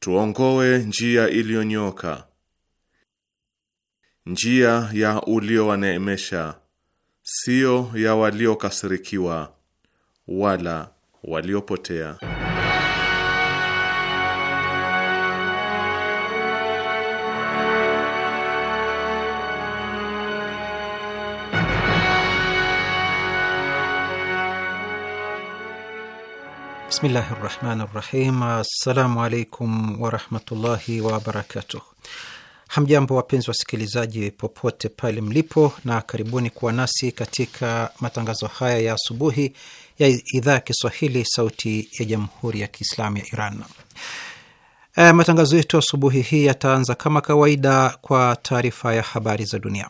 tuongoe njia iliyonyoka, njia ya uliowaneemesha, sio ya waliokasirikiwa wala waliopotea. Bismillahi rahmani rahim. Assalamu alaikum warahmatullahi wabarakatuh. Hamjambo wapenzi wasikilizaji, popote pale mlipo, na karibuni kuwa nasi katika matangazo haya ya asubuhi ya idhaa ya Kiswahili sauti ya jamhuri ya Kiislamu ya Iran. E, matangazo yetu asubuhi hii yataanza kama kawaida kwa taarifa ya habari za dunia.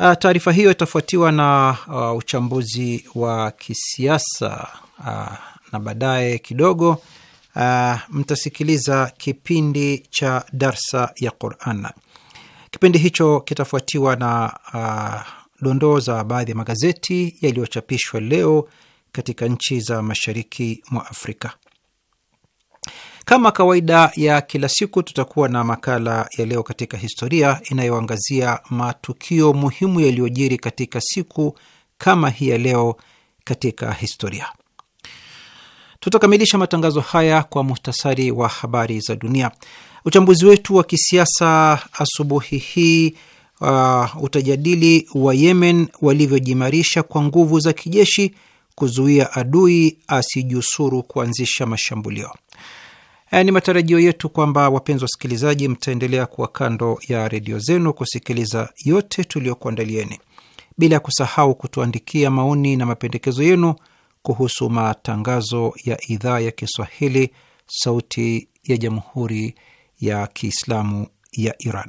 Eh, taarifa hiyo itafuatiwa na uh, uchambuzi wa kisiasa uh, na baadaye kidogo uh, mtasikiliza kipindi cha darsa ya Quran. Kipindi hicho kitafuatiwa na uh, dondoo za baadhi ya magazeti yaliyochapishwa leo katika nchi za mashariki mwa Afrika. Kama kawaida ya kila siku, tutakuwa na makala ya leo katika historia inayoangazia matukio muhimu yaliyojiri katika siku kama hii ya leo katika historia. Tutakamilisha matangazo haya kwa muhtasari wa habari za dunia. Uchambuzi wetu wa kisiasa asubuhi hii uh, utajadili wa Yemen walivyojimarisha kwa nguvu za kijeshi kuzuia adui asijusuru kuanzisha mashambulio. E, ni matarajio yetu kwamba wapenzi wasikilizaji, mtaendelea kuwa kando ya redio zenu kusikiliza yote tuliyokuandalieni bila ya kusahau kutuandikia maoni na mapendekezo yenu kuhusu matangazo ya idhaa ya Kiswahili, Sauti ya Jamhuri ya Kiislamu ya Iran.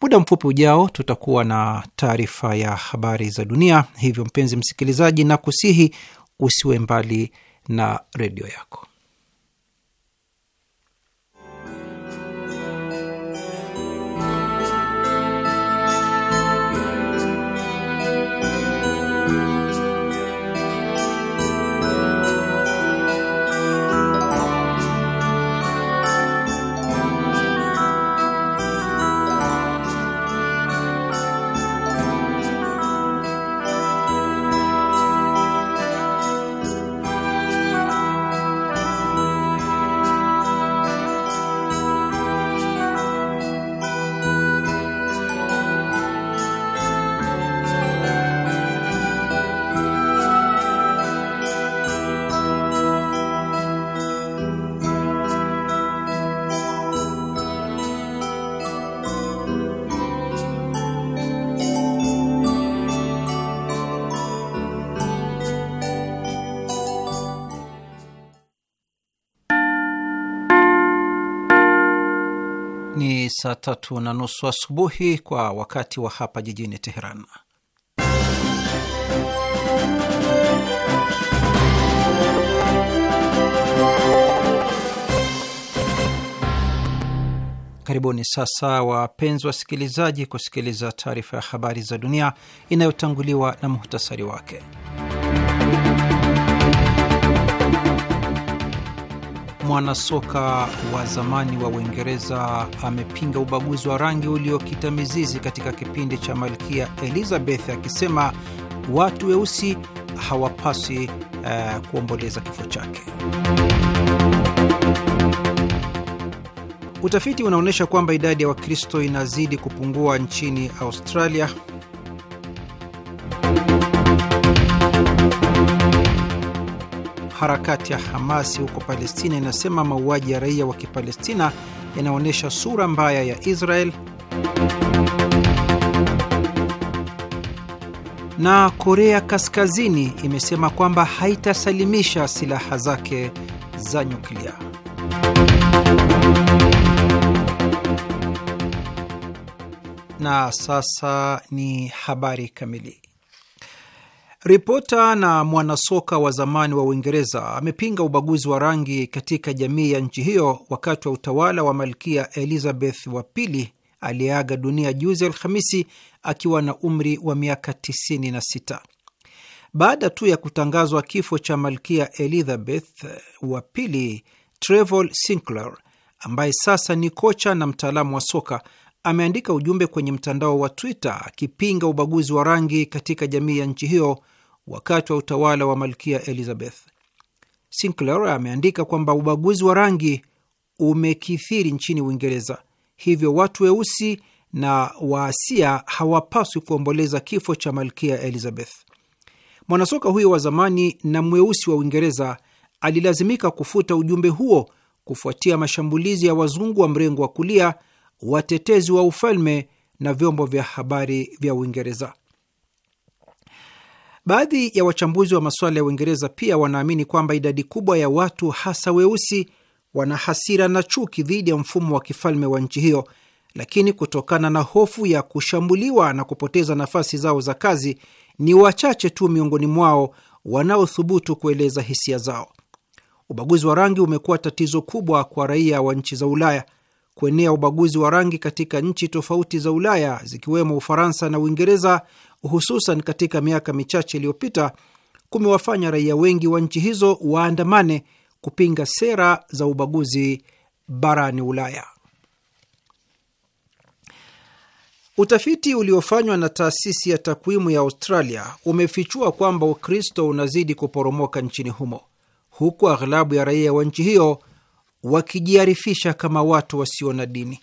Muda mfupi ujao tutakuwa na taarifa ya habari za dunia, hivyo mpenzi msikilizaji, na kusihi usiwe mbali na redio yako. saa tatu na nusu asubuhi kwa wakati wa hapa jijini Teheran. Karibuni sasa wapenzi wasikilizaji, kusikiliza taarifa ya habari za dunia inayotanguliwa na muhtasari wake. Mwanasoka wa zamani wa Uingereza amepinga ubaguzi wa rangi uliokita mizizi katika kipindi cha Malkia Elizabeth akisema watu weusi hawapaswi uh, kuomboleza kifo chake. Utafiti unaonyesha kwamba idadi ya Wakristo inazidi kupungua nchini Australia Harakati ya Hamasi huko Palestina inasema mauaji ya raia wa Kipalestina yanaonyesha sura mbaya ya Israel. Na Korea Kaskazini imesema kwamba haitasalimisha silaha zake za nyuklia. Na sasa ni habari kamili. Ripota na mwanasoka wa zamani wa Uingereza amepinga ubaguzi wa rangi katika jamii ya nchi hiyo wakati wa utawala wa Malkia Elizabeth wa pili aliyeaga dunia juzi Alhamisi akiwa na umri wa miaka 96. Baada tu ya kutangazwa kifo cha Malkia Elizabeth wa pili, Trevor Sinclair ambaye sasa ni kocha na mtaalamu wa soka ameandika ujumbe kwenye mtandao wa Twitter akipinga ubaguzi wa rangi katika jamii ya nchi hiyo wakati wa utawala wa malkia Elizabeth. Sinclair ameandika kwamba ubaguzi wa rangi umekithiri nchini Uingereza, hivyo watu weusi na Waasia hawapaswi kuomboleza kifo cha malkia Elizabeth. Mwanasoka huyo wa zamani na mweusi wa Uingereza alilazimika kufuta ujumbe huo kufuatia mashambulizi ya wazungu wa mrengo wa kulia, watetezi wa ufalme na vyombo vya habari vya Uingereza. Baadhi ya wachambuzi wa masuala ya Uingereza pia wanaamini kwamba idadi kubwa ya watu hasa weusi wana hasira na chuki dhidi ya mfumo wa kifalme wa nchi hiyo, lakini kutokana na hofu ya kushambuliwa na kupoteza nafasi zao za kazi, ni wachache tu miongoni mwao wanaothubutu kueleza hisia zao. Ubaguzi wa rangi umekuwa tatizo kubwa kwa raia wa nchi za Ulaya. Kuenea ubaguzi wa rangi katika nchi tofauti za Ulaya zikiwemo Ufaransa na Uingereza hususan katika miaka michache iliyopita, kumewafanya raia wengi wa nchi hizo waandamane kupinga sera za ubaguzi barani Ulaya. Utafiti uliofanywa na taasisi ya takwimu ya Australia umefichua kwamba Ukristo unazidi kuporomoka nchini humo, huku aghlabu ya raia wa nchi hiyo wakijiarifisha kama watu wasio na dini.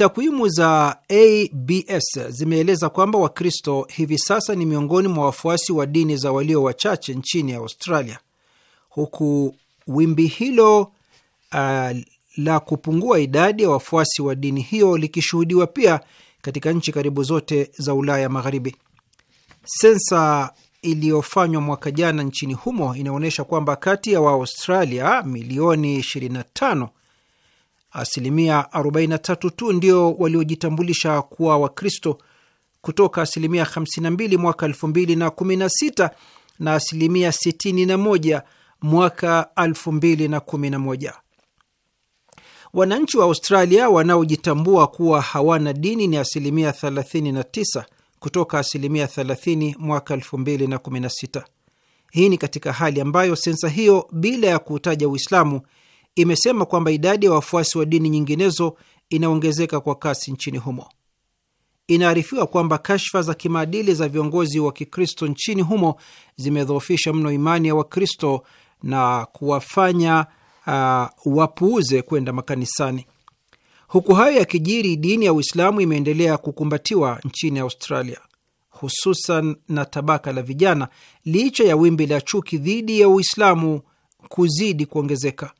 Takwimu za ABS zimeeleza kwamba Wakristo hivi sasa ni miongoni mwa wafuasi wa dini za walio wachache nchini Australia, huku wimbi hilo uh, la kupungua idadi ya wafuasi wa dini hiyo likishuhudiwa pia katika nchi karibu zote za Ulaya Magharibi. Sensa iliyofanywa mwaka jana nchini humo inaonyesha kwamba kati ya Waaustralia milioni 25 asilimia 43 tu ndio waliojitambulisha kuwa Wakristo kutoka asilimia 52 mwaka 2016 na asilimia 61 mwaka 2011. Wananchi wa Australia wanaojitambua kuwa hawana dini ni asilimia 39 kutoka asilimia 30 mwaka 2016. Hii ni katika hali ambayo sensa hiyo, bila ya kuutaja Uislamu, imesema kwamba idadi ya wafuasi wa dini nyinginezo inaongezeka kwa kasi nchini humo. Inaarifiwa kwamba kashfa za kimaadili za viongozi wa Kikristo nchini humo zimedhoofisha mno imani ya Wakristo na kuwafanya uh, wapuuze kwenda makanisani. Huku hayo yakijiri, dini ya Uislamu imeendelea kukumbatiwa nchini Australia, hususan na tabaka la vijana, licha ya wimbi la chuki dhidi ya Uislamu kuzidi kuongezeka.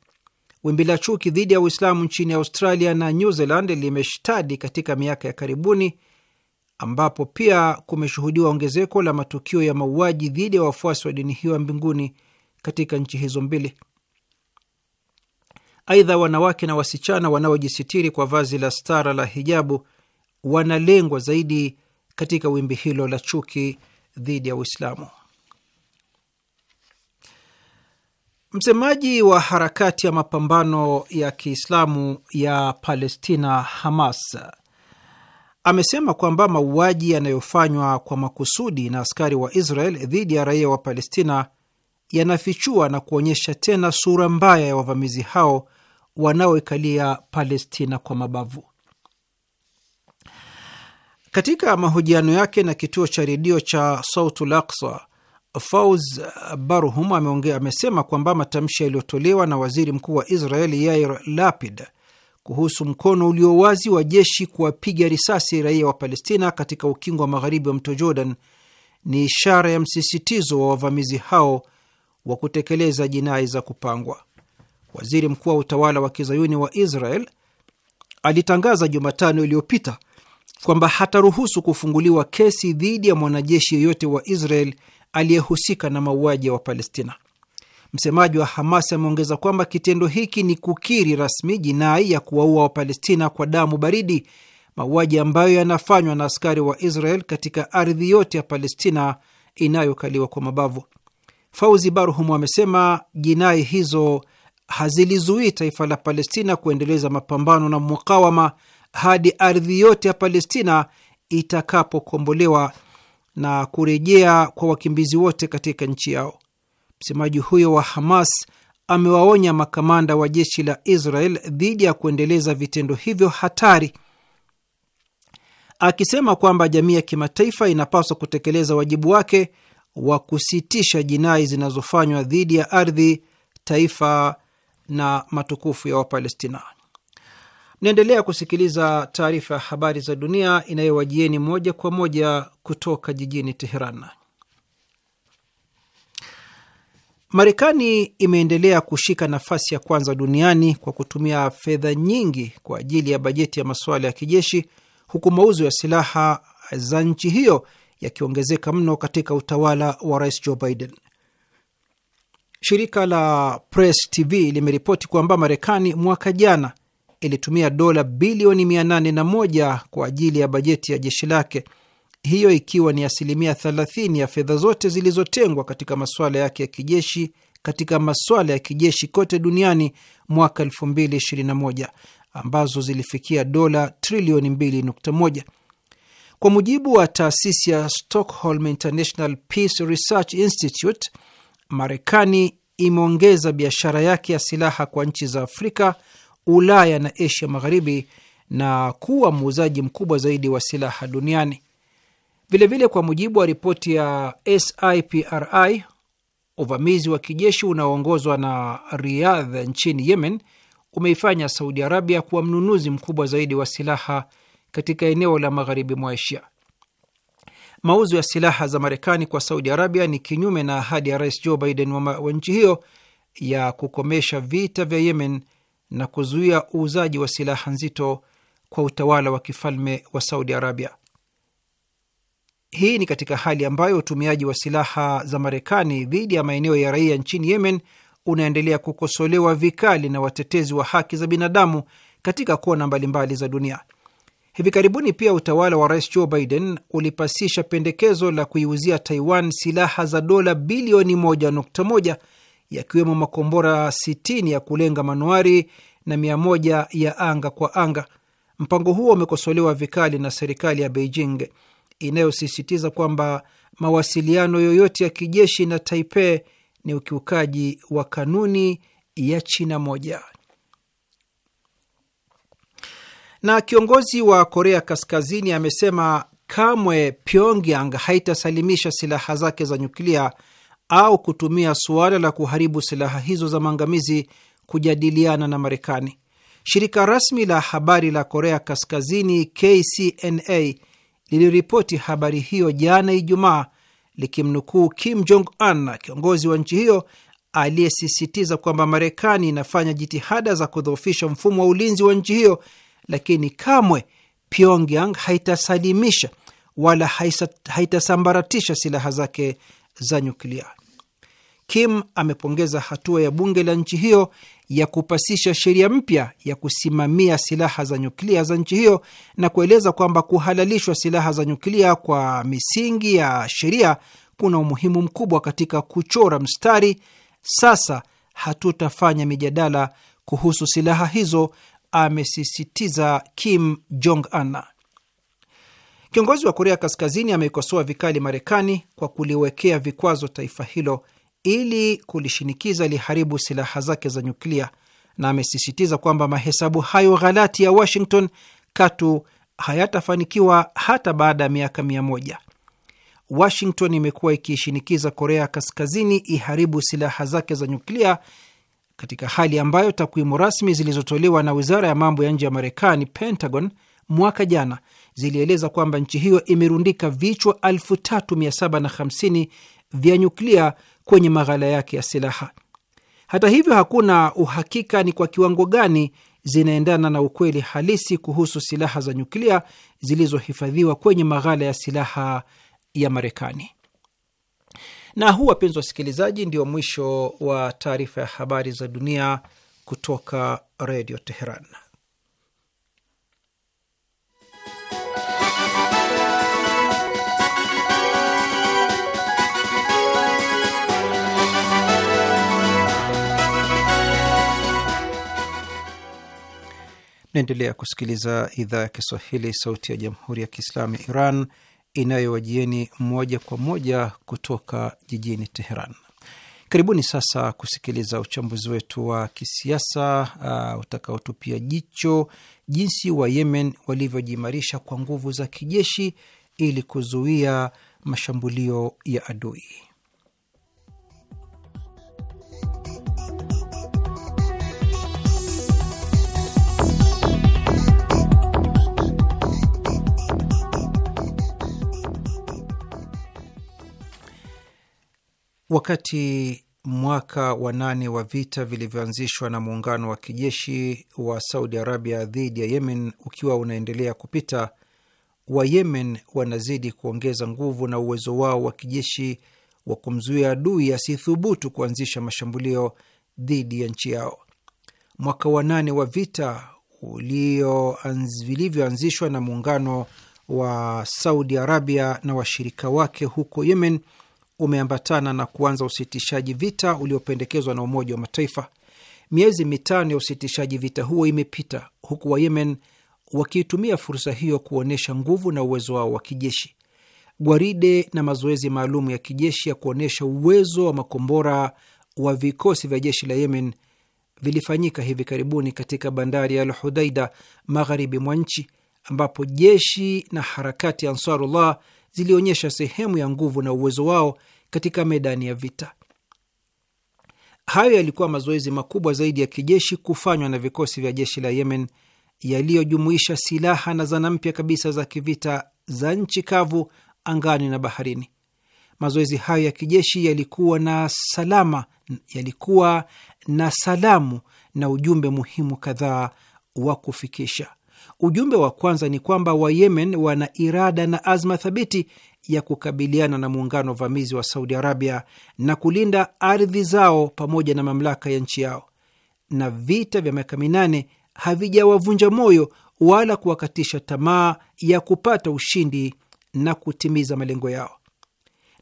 Wimbi la chuki dhidi ya Uislamu nchini Australia na New Zealand limeshtadi katika miaka ya karibuni, ambapo pia kumeshuhudiwa ongezeko la matukio ya mauaji dhidi ya wafuasi wa dini hiyo ya mbinguni katika nchi hizo mbili. Aidha, wanawake na wasichana wanaojisitiri kwa vazi la stara la hijabu wanalengwa zaidi katika wimbi hilo la chuki dhidi ya Uislamu. Msemaji wa harakati ya mapambano ya Kiislamu ya Palestina, Hamas, amesema kwamba mauaji yanayofanywa kwa makusudi na askari wa Israel dhidi ya raia wa Palestina yanafichua na kuonyesha tena sura mbaya ya wavamizi hao wanaoikalia Palestina kwa mabavu. Katika mahojiano yake na kituo cha redio cha Sautul Aqsa, Fauz Barhum ameongea, amesema kwamba matamshi yaliyotolewa na waziri mkuu wa Israel Yair Lapid kuhusu mkono ulio wazi wa jeshi kuwapiga risasi raia wa Palestina katika ukingo wa magharibi wa mto Jordan ni ishara ya msisitizo wa wavamizi hao wa kutekeleza jinai za kupangwa. Waziri mkuu wa utawala wa kizayuni wa Israel alitangaza Jumatano iliyopita kwamba hataruhusu kufunguliwa kesi dhidi ya mwanajeshi yeyote wa Israel aliyehusika na mauaji ya Wapalestina. Msemaji wa Hamas ameongeza kwamba kitendo hiki ni kukiri rasmi jinai ya kuwaua Wapalestina kwa damu baridi, mauaji ambayo yanafanywa na askari wa Israel katika ardhi yote ya Palestina inayokaliwa kwa mabavu. Fauzi Barhum amesema jinai hizo hazilizuii taifa la Palestina kuendeleza mapambano na mukawama hadi ardhi yote ya Palestina itakapokombolewa na kurejea kwa wakimbizi wote katika nchi yao. Msemaji huyo wa Hamas amewaonya makamanda wa jeshi la Israel dhidi ya kuendeleza vitendo hivyo hatari, akisema kwamba jamii ya kimataifa inapaswa kutekeleza wajibu wake wa kusitisha jinai zinazofanywa dhidi ya ardhi, taifa na matukufu ya Wapalestina naendelea kusikiliza taarifa ya habari za dunia inayowajieni moja kwa moja kutoka jijini Teheran. Marekani imeendelea kushika nafasi ya kwanza duniani kwa kutumia fedha nyingi kwa ajili ya bajeti ya masuala ya kijeshi, huku mauzo ya silaha za nchi hiyo yakiongezeka mno katika utawala wa Rais Joe Biden. Shirika la Press TV limeripoti kwamba Marekani mwaka jana ilitumia dola bilioni 801 kwa ajili ya bajeti ya jeshi lake, hiyo ikiwa ni asilimia 30 ya fedha zote zilizotengwa katika masuala yake ya kijeshi katika masuala ya kijeshi kote duniani mwaka 2021 ambazo zilifikia dola trilioni 2.1 kwa mujibu wa taasisi ya Stockholm International Peace Research Institute. Marekani imeongeza biashara yake ya silaha kwa nchi za Afrika Ulaya na Asia Magharibi na kuwa muuzaji mkubwa zaidi wa silaha duniani. Vilevile vile, kwa mujibu wa ripoti ya SIPRI, uvamizi wa kijeshi unaoongozwa na Riyadh nchini Yemen umeifanya Saudi Arabia kuwa mnunuzi mkubwa zaidi wa silaha katika eneo la magharibi mwa Asia. Mauzo ya silaha za Marekani kwa Saudi Arabia ni kinyume na ahadi ya Rais Joe Biden wa nchi hiyo ya kukomesha vita vya Yemen na kuzuia uuzaji wa silaha nzito kwa utawala wa kifalme wa Saudi Arabia. Hii ni katika hali ambayo utumiaji wa silaha za Marekani dhidi ya maeneo ya raia nchini Yemen unaendelea kukosolewa vikali na watetezi wa haki za binadamu katika kona mbalimbali za dunia. Hivi karibuni pia utawala wa Rais Joe Biden ulipasisha pendekezo la kuiuzia Taiwan silaha za dola bilioni 1.1 yakiwemo makombora 60 ya kulenga manuari na 100 ya anga kwa anga. Mpango huo umekosolewa vikali na serikali ya Beijing inayosisitiza kwamba mawasiliano yoyote ya kijeshi na Taipei ni ukiukaji wa kanuni ya China moja. Na kiongozi wa Korea Kaskazini amesema kamwe Pyongyang haitasalimisha silaha zake za nyuklia au kutumia suala la kuharibu silaha hizo za maangamizi kujadiliana na Marekani. Shirika rasmi la habari la Korea Kaskazini KCNA liliripoti habari hiyo jana Ijumaa, likimnukuu Kim Jong Un, kiongozi wa nchi hiyo aliyesisitiza kwamba Marekani inafanya jitihada za kudhoofisha mfumo wa ulinzi wa nchi hiyo, lakini kamwe Pyongyang haitasalimisha wala haitasambaratisha silaha zake za nyuklia. Kim amepongeza hatua ya bunge la nchi hiyo ya kupasisha sheria mpya ya kusimamia silaha za nyuklia za nchi hiyo na kueleza kwamba kuhalalishwa silaha za nyuklia kwa misingi ya sheria kuna umuhimu mkubwa katika kuchora mstari. Sasa hatutafanya mijadala kuhusu silaha hizo, amesisitiza Kim Jong Un. Kiongozi wa Korea Kaskazini ameikosoa vikali Marekani kwa kuliwekea vikwazo taifa hilo ili kulishinikiza liharibu silaha zake za nyuklia, na amesisitiza kwamba mahesabu hayo ghalati ya Washington katu hayatafanikiwa hata baada ya miaka mia moja. Washington imekuwa ikiishinikiza Korea Kaskazini iharibu silaha zake za nyuklia katika hali ambayo takwimu rasmi zilizotolewa na wizara ya mambo ya nje ya Marekani, Pentagon, mwaka jana zilieleza kwamba nchi hiyo imerundika vichwa 3750 vya nyuklia kwenye maghala yake ya silaha. Hata hivyo, hakuna uhakika ni kwa kiwango gani zinaendana na ukweli halisi kuhusu silaha za nyuklia zilizohifadhiwa kwenye maghala ya silaha ya Marekani. Na huu, wapenzi wasikilizaji, ndio mwisho wa taarifa ya habari za dunia kutoka Redio Teheran. Naendelea kusikiliza idhaa ya Kiswahili, sauti ya jamhuri ya kiislamu ya Iran inayowajieni moja kwa moja kutoka jijini Teheran. Karibuni sasa kusikiliza uchambuzi wetu wa kisiasa uh, utakaotupia jicho jinsi wa Yemen walivyojiimarisha kwa nguvu za kijeshi ili kuzuia mashambulio ya adui. Wakati mwaka wa nane wa vita vilivyoanzishwa na muungano wa kijeshi wa Saudi Arabia dhidi ya Yemen ukiwa unaendelea kupita, Wayemen wanazidi kuongeza nguvu na uwezo wao wa kijeshi wa kumzuia adui asithubutu kuanzisha mashambulio dhidi ya nchi yao. Mwaka wa nane wa vita vilivyoanzishwa na muungano wa Saudi Arabia na washirika wake huko Yemen umeambatana na kuanza usitishaji vita uliopendekezwa na Umoja wa Mataifa. Miezi mitano ya usitishaji vita huo imepita huku Wayemen wakiitumia fursa hiyo kuonyesha nguvu na uwezo wao wa kijeshi. Gwaride na mazoezi maalum ya kijeshi ya kuonyesha uwezo wa makombora wa vikosi vya jeshi la Yemen vilifanyika hivi karibuni katika bandari ya Al-Hudaida magharibi mwa nchi ambapo jeshi na harakati Ansarullah zilionyesha sehemu ya nguvu na uwezo wao katika medani ya vita. Hayo yalikuwa mazoezi makubwa zaidi ya kijeshi kufanywa na vikosi vya jeshi la Yemen yaliyojumuisha silaha na zana mpya kabisa za kivita za nchi kavu, angani na baharini. Mazoezi hayo ya kijeshi yalikuwa na salama, yalikuwa na salamu na ujumbe muhimu kadhaa wa kufikisha. Ujumbe wa kwanza ni kwamba Wayemen wana irada na azma thabiti ya kukabiliana na muungano vamizi wa Saudi Arabia na kulinda ardhi zao pamoja na mamlaka ya nchi yao, na vita vya miaka minane havijawavunja moyo wala kuwakatisha tamaa ya kupata ushindi na kutimiza malengo yao.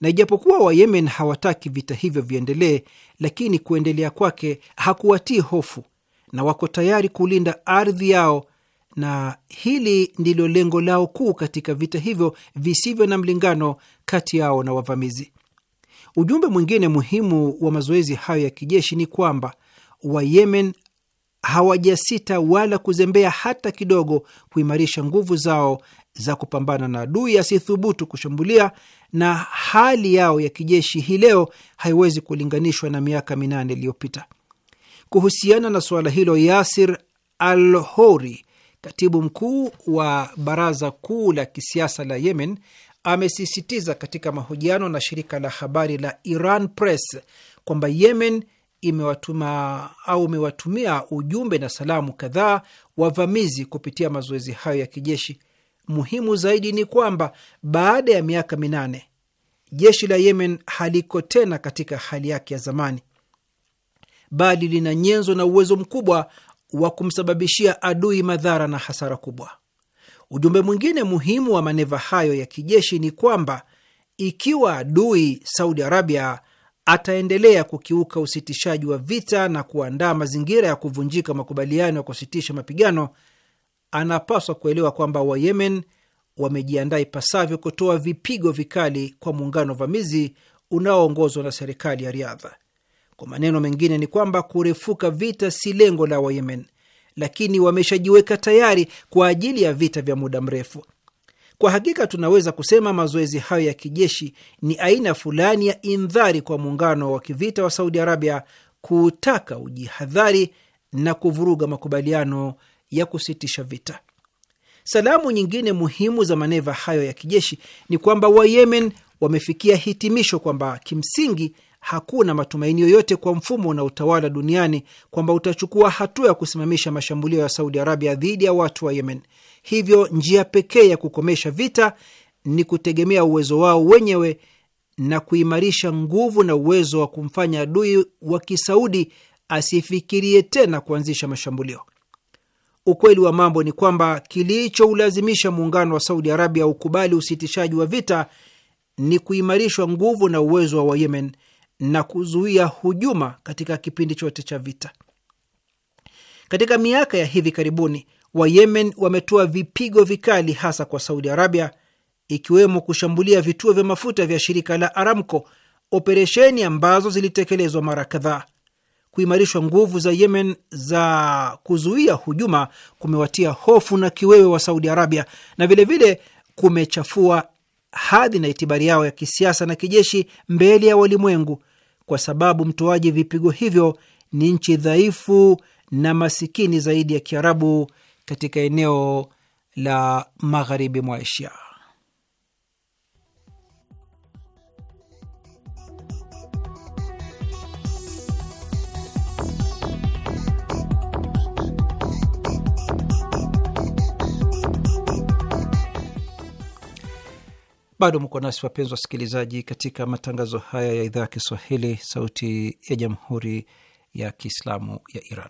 Na ijapokuwa Wayemen hawataki vita hivyo viendelee, lakini kuendelea kwake hakuwatii hofu na wako tayari kulinda ardhi yao na hili ndilo lengo lao kuu katika vita hivyo visivyo na mlingano kati yao na wavamizi. Ujumbe mwingine muhimu wa mazoezi hayo ya kijeshi ni kwamba Wayemen hawajasita wala kuzembea hata kidogo kuimarisha nguvu zao za kupambana na adui asithubutu kushambulia, na hali yao ya kijeshi hii leo haiwezi kulinganishwa na miaka minane iliyopita. Kuhusiana na suala hilo, Yasir Al-Hori Katibu mkuu wa baraza kuu la kisiasa la Yemen amesisitiza katika mahojiano na shirika la habari la Iran Press kwamba Yemen imewatuma au imewatumia ujumbe na salamu kadhaa wavamizi kupitia mazoezi hayo ya kijeshi. Muhimu zaidi ni kwamba baada ya miaka minane jeshi la Yemen haliko tena katika hali yake ya zamani, bali lina nyenzo na uwezo mkubwa wa kumsababishia adui madhara na hasara kubwa. Ujumbe mwingine muhimu wa maneva hayo ya kijeshi ni kwamba ikiwa adui Saudi Arabia ataendelea kukiuka usitishaji wa vita na kuandaa mazingira ya kuvunjika makubaliano ya kusitisha mapigano, anapaswa kuelewa kwamba Wayemen wamejiandaa ipasavyo kutoa vipigo vikali kwa muungano vamizi unaoongozwa na serikali ya Riadha. Kwa maneno mengine ni kwamba kurefuka vita si lengo la Wayemen, lakini wameshajiweka tayari kwa ajili ya vita vya muda mrefu. Kwa hakika tunaweza kusema mazoezi hayo ya kijeshi ni aina fulani ya indhari kwa muungano wa kivita wa Saudi Arabia kutaka ujihadhari na kuvuruga makubaliano ya kusitisha vita. Salamu nyingine muhimu za maneva hayo ya kijeshi ni kwamba Wayemen wamefikia hitimisho kwamba kimsingi hakuna matumaini yoyote kwa mfumo na utawala duniani kwamba utachukua hatua ya kusimamisha mashambulio ya Saudi Arabia dhidi ya watu wa Yemen. Hivyo njia pekee ya kukomesha vita ni kutegemea uwezo wao wenyewe na kuimarisha nguvu na uwezo wa kumfanya adui wa kisaudi asifikirie tena kuanzisha mashambulio. Ukweli wa mambo ni kwamba kilichoulazimisha muungano wa Saudi Arabia ukubali usitishaji wa vita ni kuimarishwa nguvu na uwezo wa Wayemen na kuzuia hujuma katika kipindi chote cha vita. Katika miaka ya hivi karibuni, Wayemen wametoa vipigo vikali hasa kwa Saudi Arabia, ikiwemo kushambulia vituo vya mafuta vya shirika la Aramco, operesheni ambazo zilitekelezwa mara kadhaa. Kuimarishwa nguvu za Yemen za kuzuia hujuma kumewatia hofu na kiwewe wa Saudi Arabia na vilevile vile kumechafua hadhi na itibari yao ya kisiasa na kijeshi mbele ya walimwengu kwa sababu mtoaji vipigo hivyo ni nchi dhaifu na masikini zaidi ya Kiarabu katika eneo la magharibi mwa Asia. Bado mko nasi wapenzi wasikilizaji, katika matangazo haya ya idhaa ya Kiswahili, sauti ya jamhuri ya kiislamu ya Iran.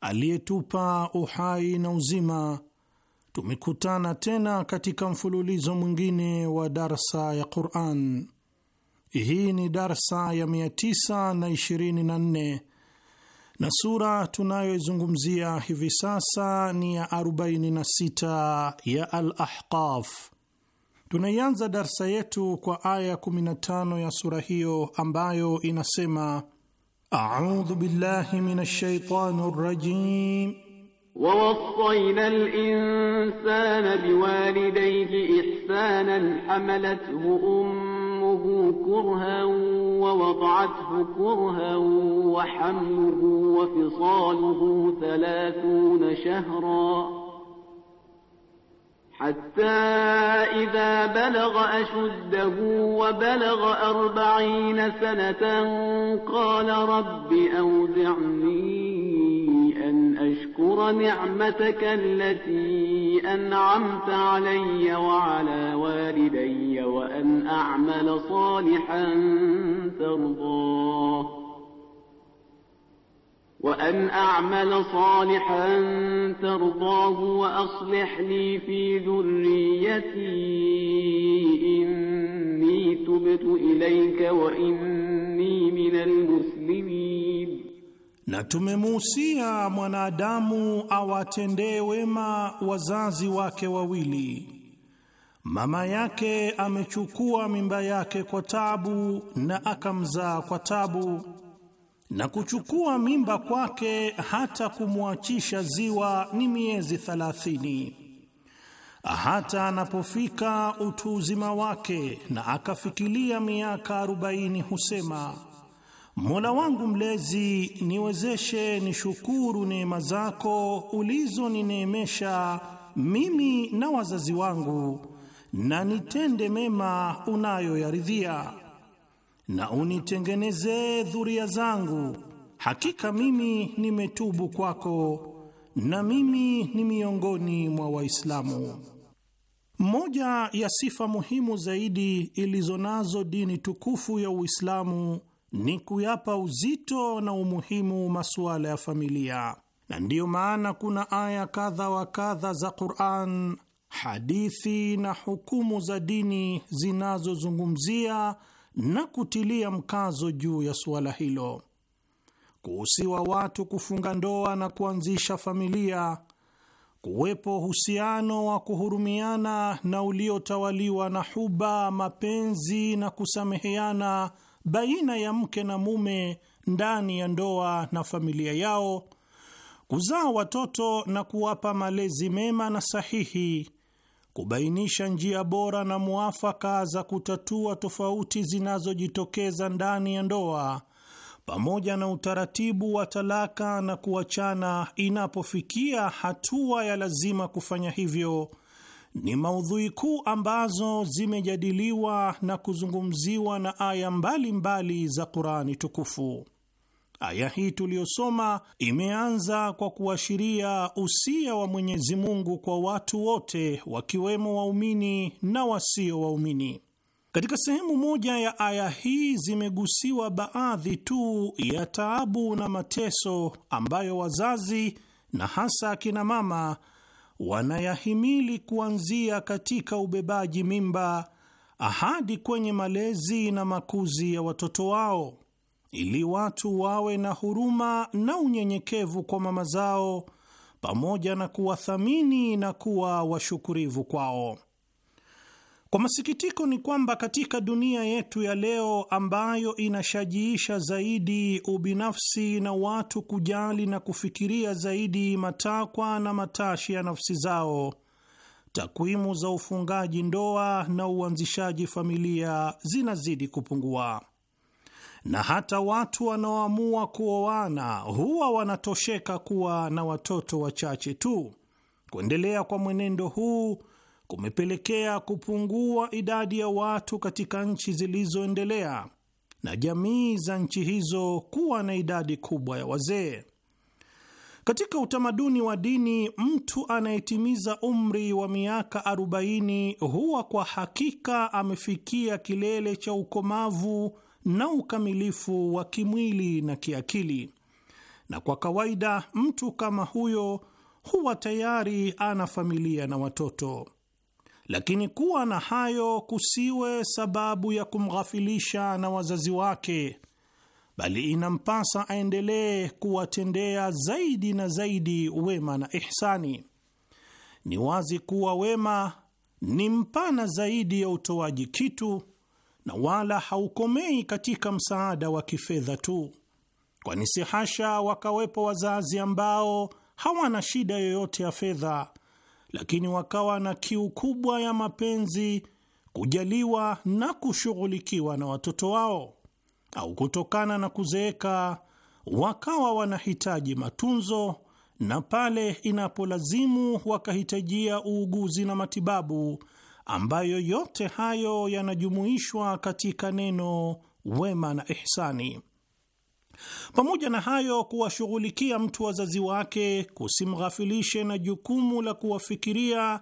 aliyetupa uhai na uzima, tumekutana tena katika mfululizo mwingine wa darsa ya Quran. Hii ni darsa ya 924 na, na sura tunayoizungumzia hivi sasa ni ya 46 ya Al-Ahqaf. Tunaianza darsa yetu kwa aya 15 ya sura hiyo ambayo inasema أعوذ بالله من الشيطان الرجيم ووصينا الإنسان بوالديه إحسانا حملته أمه كرها ووضعته كرها وحمله وفصاله ثلاثون شهرا حتى إذا بلغ أشده وبلغ أربعين سنة قال رب أودعني أن أشكر نعمتك التي أنعمت علي وعلى والدي وأن أعمل صالحا ترضاه وأن أعمل صالحا ترضاه وأصلح لي في ذريتي إني تبت إليك وإني من المسلمين na tumemuhusia mwanadamu awatendee wema wazazi wake wawili. Mama yake amechukua mimba yake kwa tabu na akamzaa kwa tabu na kuchukua mimba kwake hata kumwachisha ziwa ni miezi thalathini. Hata anapofika utu uzima wake na akafikilia miaka arobaini, husema Mola wangu mlezi, niwezeshe nishukuru neema zako ulizonineemesha mimi na wazazi wangu, na nitende mema unayoyaridhia na unitengenezee dhuria zangu, hakika mimi nimetubu kwako na mimi ni miongoni mwa Waislamu. Moja ya sifa muhimu zaidi ilizo nazo dini tukufu ya Uislamu ni kuyapa uzito na umuhimu masuala ya familia, na ndiyo maana kuna aya kadha wa kadha za Qur'an, hadithi na hukumu za dini zinazozungumzia na kutilia mkazo juu ya suala hilo. Kuhusiwa watu kufunga ndoa na kuanzisha familia, kuwepo uhusiano wa kuhurumiana na uliotawaliwa na huba, mapenzi na kusameheana baina ya mke na mume ndani ya ndoa na familia yao, kuzaa watoto na kuwapa malezi mema na sahihi kubainisha njia bora na muafaka za kutatua tofauti zinazojitokeza ndani ya ndoa pamoja na utaratibu wa talaka na kuachana inapofikia hatua ya lazima kufanya hivyo ni maudhui kuu ambazo zimejadiliwa na kuzungumziwa na aya mbalimbali mbali za Qur'ani tukufu. Aya hii tuliyosoma imeanza kwa kuashiria usia wa Mwenyezi Mungu kwa watu wote wakiwemo waumini na wasio waumini. Katika sehemu moja ya aya hii zimegusiwa baadhi tu ya taabu na mateso ambayo wazazi na hasa akina mama wanayahimili kuanzia katika ubebaji mimba ahadi kwenye malezi na makuzi ya watoto wao ili watu wawe na huruma na unyenyekevu kwa mama zao, pamoja na kuwathamini na kuwa washukurivu kwao. Kwa masikitiko ni kwamba katika dunia yetu ya leo ambayo inashajiisha zaidi ubinafsi na watu kujali na kufikiria zaidi matakwa na matashi ya nafsi zao, takwimu za ufungaji ndoa na uanzishaji familia zinazidi kupungua na hata watu wanaoamua kuoana huwa wanatosheka kuwa na watoto wachache tu. Kuendelea kwa mwenendo huu kumepelekea kupungua idadi ya watu katika nchi zilizoendelea na jamii za nchi hizo kuwa na idadi kubwa ya wazee. Katika utamaduni wa dini, mtu anayetimiza umri wa miaka 40 huwa kwa hakika amefikia kilele cha ukomavu na ukamilifu wa kimwili na kiakili, na kwa kawaida mtu kama huyo huwa tayari ana familia na watoto. Lakini kuwa na hayo kusiwe sababu ya kumghafilisha na wazazi wake, bali inampasa aendelee kuwatendea zaidi na zaidi wema na ihsani. Ni wazi kuwa wema ni mpana zaidi ya utoaji kitu na wala haukomei katika msaada wa kifedha tu, kwani si hasha wakawepo wazazi ambao hawana shida yoyote ya fedha, lakini wakawa na kiu kubwa ya mapenzi, kujaliwa na kushughulikiwa na watoto wao, au kutokana na kuzeeka wakawa wanahitaji matunzo na pale inapolazimu wakahitajia uuguzi na matibabu ambayo yote hayo yanajumuishwa katika neno wema na ihsani. Pamoja na hayo, kuwashughulikia mtu wazazi wake kusimghafilishe na jukumu la kuwafikiria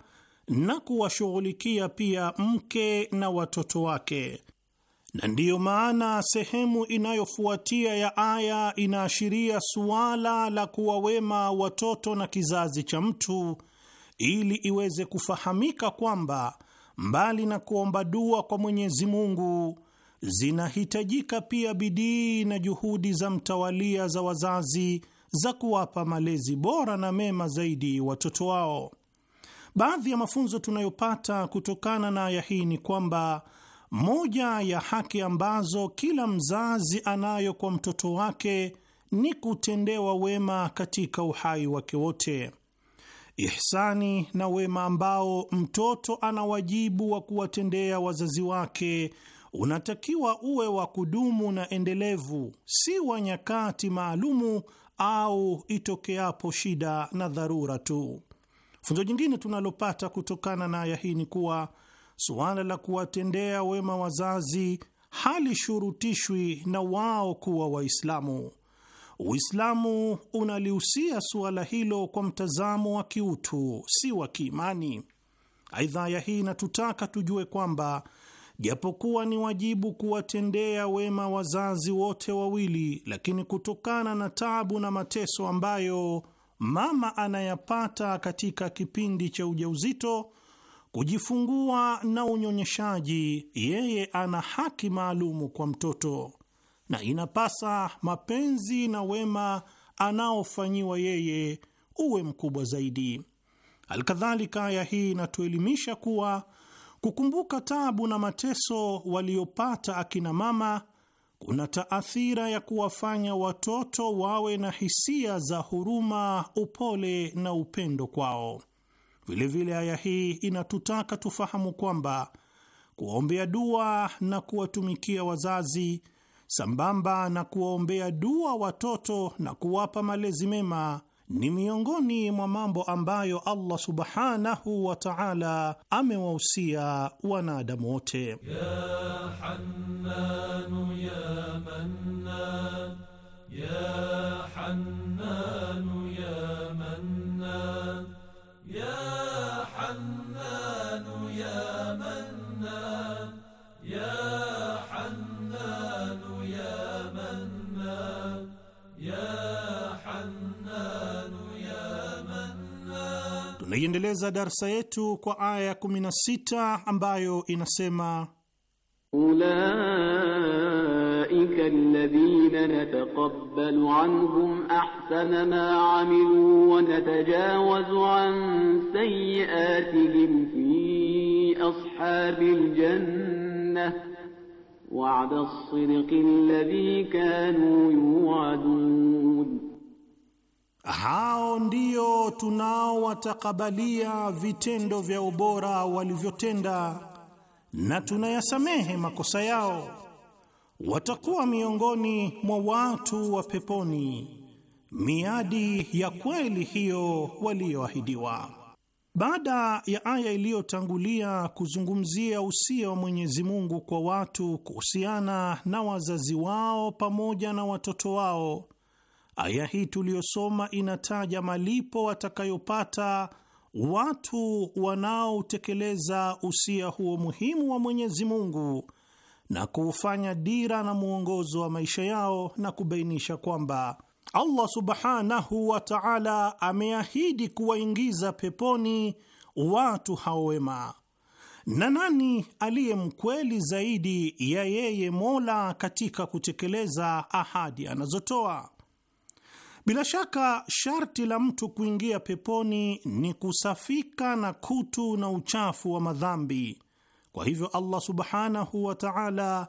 na kuwashughulikia pia mke na watoto wake, na ndiyo maana sehemu inayofuatia ya aya inaashiria suala la kuwa wema watoto na kizazi cha mtu, ili iweze kufahamika kwamba mbali na kuomba dua kwa Mwenyezi Mungu, zinahitajika pia bidii na juhudi za mtawalia za wazazi za kuwapa malezi bora na mema zaidi watoto wao. Baadhi ya mafunzo tunayopata kutokana na aya hii ni kwamba moja ya haki ambazo kila mzazi anayo kwa mtoto wake ni kutendewa wema katika uhai wake wote ihsani na wema ambao mtoto ana wajibu wa kuwatendea wazazi wake unatakiwa uwe wa kudumu na endelevu, si wa nyakati maalumu au itokeapo shida na dharura tu. Funzo jingine tunalopata kutokana na aya hii ni kuwa suala la kuwatendea wema wazazi halishurutishwi na wao kuwa Waislamu, Uislamu unalihusia suala hilo kwa mtazamo wa kiutu, si wa kiimani. Aidha, aya hii inatutaka tujue kwamba japokuwa ni wajibu kuwatendea wema wazazi wote wawili, lakini kutokana na taabu na mateso ambayo mama anayapata katika kipindi cha ujauzito, kujifungua na unyonyeshaji, yeye ana haki maalumu kwa mtoto na inapasa mapenzi na wema anaofanyiwa yeye uwe mkubwa zaidi. Alkadhalika, aya hii inatuelimisha kuwa kukumbuka tabu na mateso waliopata akina mama kuna taathira ya kuwafanya watoto wawe na hisia za huruma, upole na upendo kwao. Vilevile aya hii inatutaka tufahamu kwamba kuwaombea dua na kuwatumikia wazazi sambamba na kuwaombea dua watoto na kuwapa malezi mema ni miongoni mwa mambo ambayo Allah subhanahu wa ta'ala amewahusia wanadamu wote. Ya يا منان ya hannanu ya manna. Tunaiendeleza darsa yetu kwa aya 16 ambayo inasema ulaika alladhina nataqabbalu anhum ahsana ma amilu wa natajawazu an sayyi'atihim fi ashabil jannah وعد الصدق alladhi kanu yu'adun, hao ndio tunaowatakabalia vitendo vya ubora walivyotenda na tunayasamehe makosa yao. Watakuwa miongoni mwa watu wa peponi, miadi ya kweli hiyo waliyoahidiwa. Baada ya aya iliyotangulia kuzungumzia usia wa Mwenyezi Mungu kwa watu kuhusiana na wazazi wao pamoja na watoto wao, aya hii tuliyosoma inataja malipo watakayopata watu wanaotekeleza usia huo muhimu wa Mwenyezi Mungu na kuufanya dira na mwongozo wa maisha yao na kubainisha kwamba Allah subhanahu wa ta'ala ameahidi kuwaingiza peponi watu hao wema. Na nani aliye mkweli zaidi ya yeye Mola katika kutekeleza ahadi anazotoa? Bila shaka sharti la mtu kuingia peponi ni kusafika na kutu na uchafu wa madhambi. Kwa hivyo Allah subhanahu wa ta'ala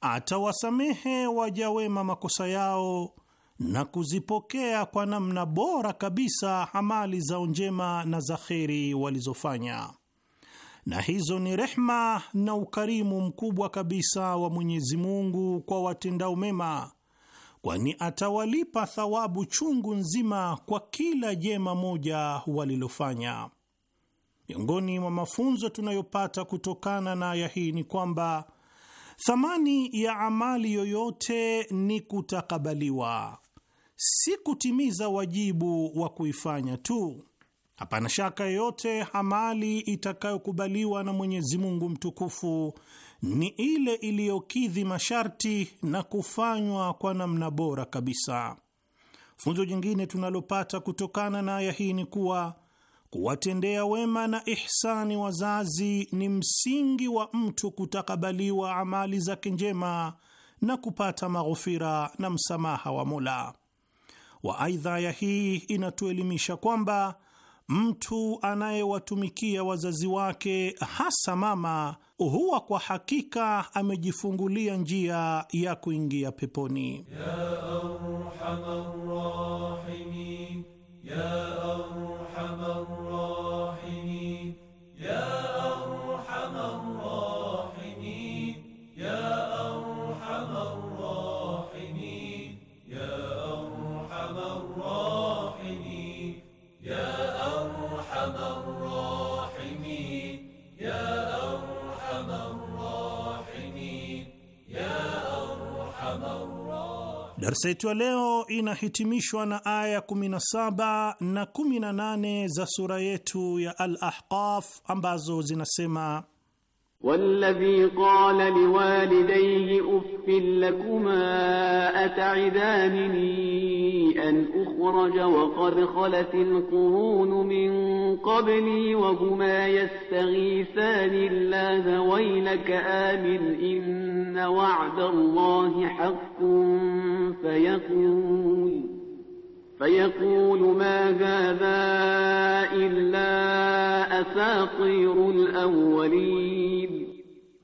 atawasamehe waja wema makosa yao na kuzipokea kwa namna bora kabisa amali zao njema na za kheri walizofanya, na hizo ni rehma na ukarimu mkubwa kabisa wa Mwenyezi Mungu kwa watendao mema, kwani atawalipa thawabu chungu nzima kwa kila jema moja walilofanya. Miongoni mwa mafunzo tunayopata kutokana na aya hii ni kwamba thamani ya amali yoyote ni kutakabaliwa si kutimiza wajibu wa kuifanya tu. Hapana shaka yoyote, amali itakayokubaliwa na Mwenyezi Mungu mtukufu ni ile iliyokidhi masharti na kufanywa kwa namna bora kabisa. Funzo jingine tunalopata kutokana na aya hii ni kuwa kuwatendea wema na ihsani wazazi ni msingi wa mtu kutakabaliwa amali zake njema na kupata maghufira na msamaha wa Mola wa aidha ya hii inatuelimisha kwamba mtu anayewatumikia wazazi wake, hasa mama, huwa kwa hakika amejifungulia njia ya kuingia peponi ya Darsa yetu ya leo inahitimishwa na aya 17 na 18 za sura yetu ya Al-Ahqaf ambazo zinasema والذي قال لوالديه أف لكما أتعدانني أن أخرج وقد خلت القرون من قبلي وهما يستغيثان الله ويلك آمن إن وعد الله حق فيقول فيقول ما هذا illa asatirul awwalin,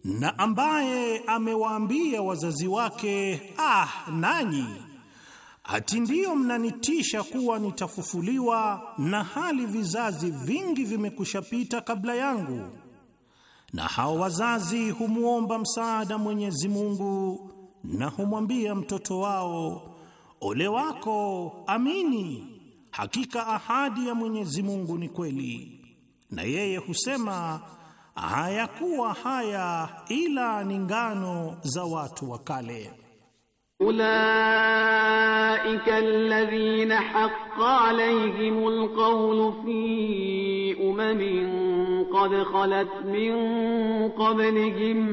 na ambaye amewaambia wazazi wake, ah, nanyi hati ndiyo mnanitisha kuwa nitafufuliwa, na hali vizazi vingi vimekushapita kabla yangu. Na hao wazazi humwomba msaada Mwenyezi Mungu na humwambia mtoto wao Ole wako, amini, hakika ahadi ya Mwenyezi Mungu ni kweli, na yeye husema hayakuwa haya ila ni ngano za watu wa kale. Ulaika alladhina haqqa alayhimul qawlu fi umamin qad khalat min qablihim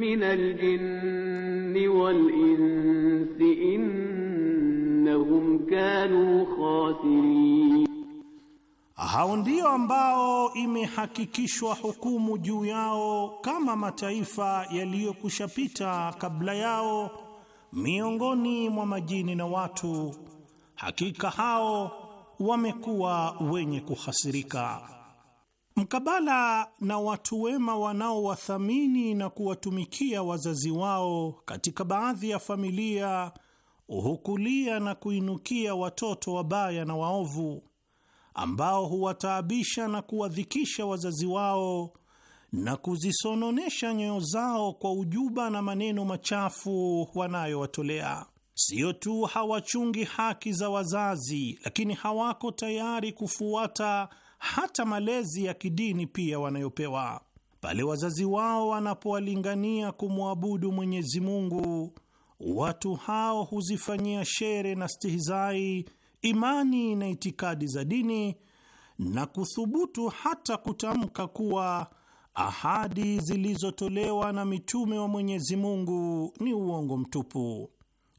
min aljinni wal insi kanu khasirin, hao ndio ambao imehakikishwa hukumu juu yao kama mataifa yaliyokushapita kabla yao miongoni mwa majini na watu, hakika hao wamekuwa wenye kuhasirika. Mkabala na watu wema wanaowathamini na kuwatumikia wazazi wao, katika baadhi ya familia hukulia na kuinukia watoto wabaya na waovu ambao huwataabisha na kuwadhikisha wazazi wao na kuzisononesha nyoyo zao kwa ujuba na maneno machafu wanayowatolea. Sio tu hawachungi haki za wazazi, lakini hawako tayari kufuata hata malezi ya kidini pia wanayopewa. Pale wazazi wao wanapowalingania kumwabudu Mwenyezi Mungu watu hao huzifanyia shere na stihizai imani na itikadi za dini na kuthubutu hata kutamka kuwa ahadi zilizotolewa na mitume wa Mwenyezi Mungu ni uongo mtupu.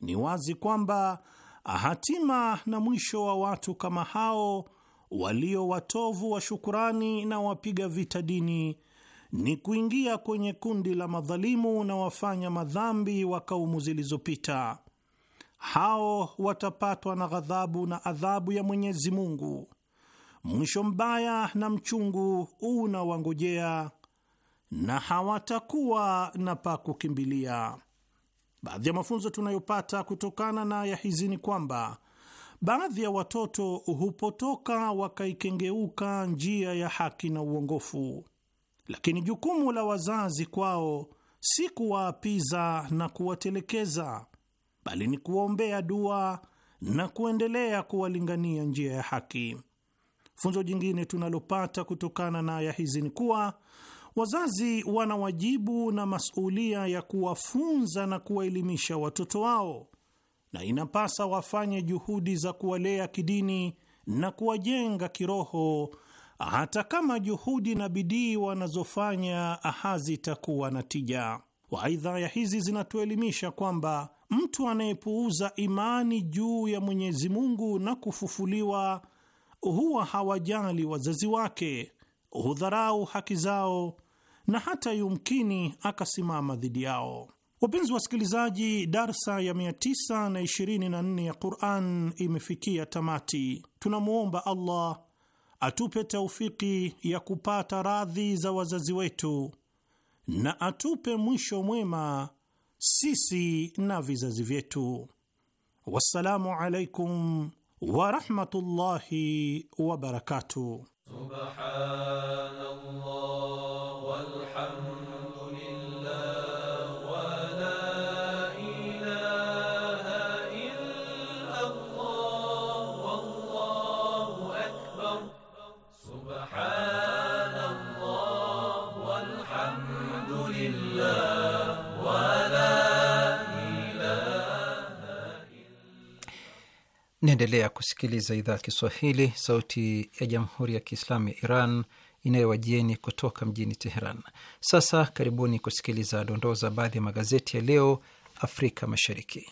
Ni wazi kwamba hatima na mwisho wa watu kama hao walio watovu wa shukurani na wapiga vita dini ni kuingia kwenye kundi la madhalimu na wafanya madhambi wa kaumu zilizopita. Hao watapatwa na ghadhabu na adhabu ya Mwenyezi Mungu. Mwisho mbaya na mchungu unawangojea na hawatakuwa na pa kukimbilia. Baadhi ya mafunzo tunayopata kutokana na aya hizi ni kwamba baadhi ya watoto hupotoka wakaikengeuka njia ya haki na uongofu lakini jukumu la wazazi kwao si kuwaapiza na kuwatelekeza, bali ni kuwaombea dua na kuendelea kuwalingania njia ya haki. Funzo jingine tunalopata kutokana na aya hizi ni kuwa wazazi wana wajibu na masulia ya kuwafunza na kuwaelimisha watoto wao, na inapasa wafanye juhudi za kuwalea kidini na kuwajenga kiroho hata kama juhudi na bidii wanazofanya hazitakuwa na tija. Waidha, ya hizi zinatuelimisha kwamba mtu anayepuuza imani juu ya Mwenyezi Mungu na kufufuliwa huwa hawajali wazazi wake, hudharau haki zao na hata yumkini akasimama dhidi yao. Wapenzi wasikilizaji, darsa ya 924 ya Quran imefikia tamati. Tunamwomba Allah atupe taufiki ya kupata radhi za wazazi wetu na atupe mwisho mwema sisi na vizazi vyetu. Wassalamu alaikum warahmatullahi wabarakatuh. Mnaendelea kusikiliza idhaa ya Kiswahili, sauti ya jamhuri ya kiislamu ya Iran inayowajieni kutoka mjini Teheran. Sasa karibuni kusikiliza dondoo za baadhi ya magazeti ya leo Afrika Mashariki.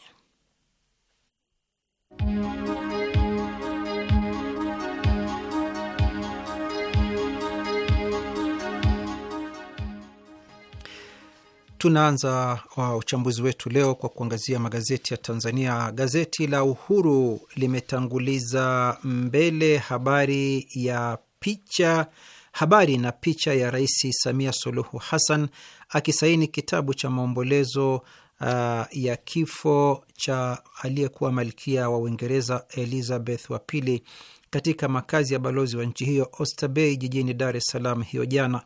Tunaanza uh, uchambuzi wetu leo kwa kuangazia magazeti ya Tanzania. Gazeti la Uhuru limetanguliza mbele habari ya picha habari na picha ya Rais Samia Suluhu Hassan akisaini kitabu cha maombolezo uh, ya kifo cha aliyekuwa malkia wa Uingereza Elizabeth wa pili katika makazi ya balozi wa nchi hiyo Oysterbay jijini Dar es Salaam hiyo jana.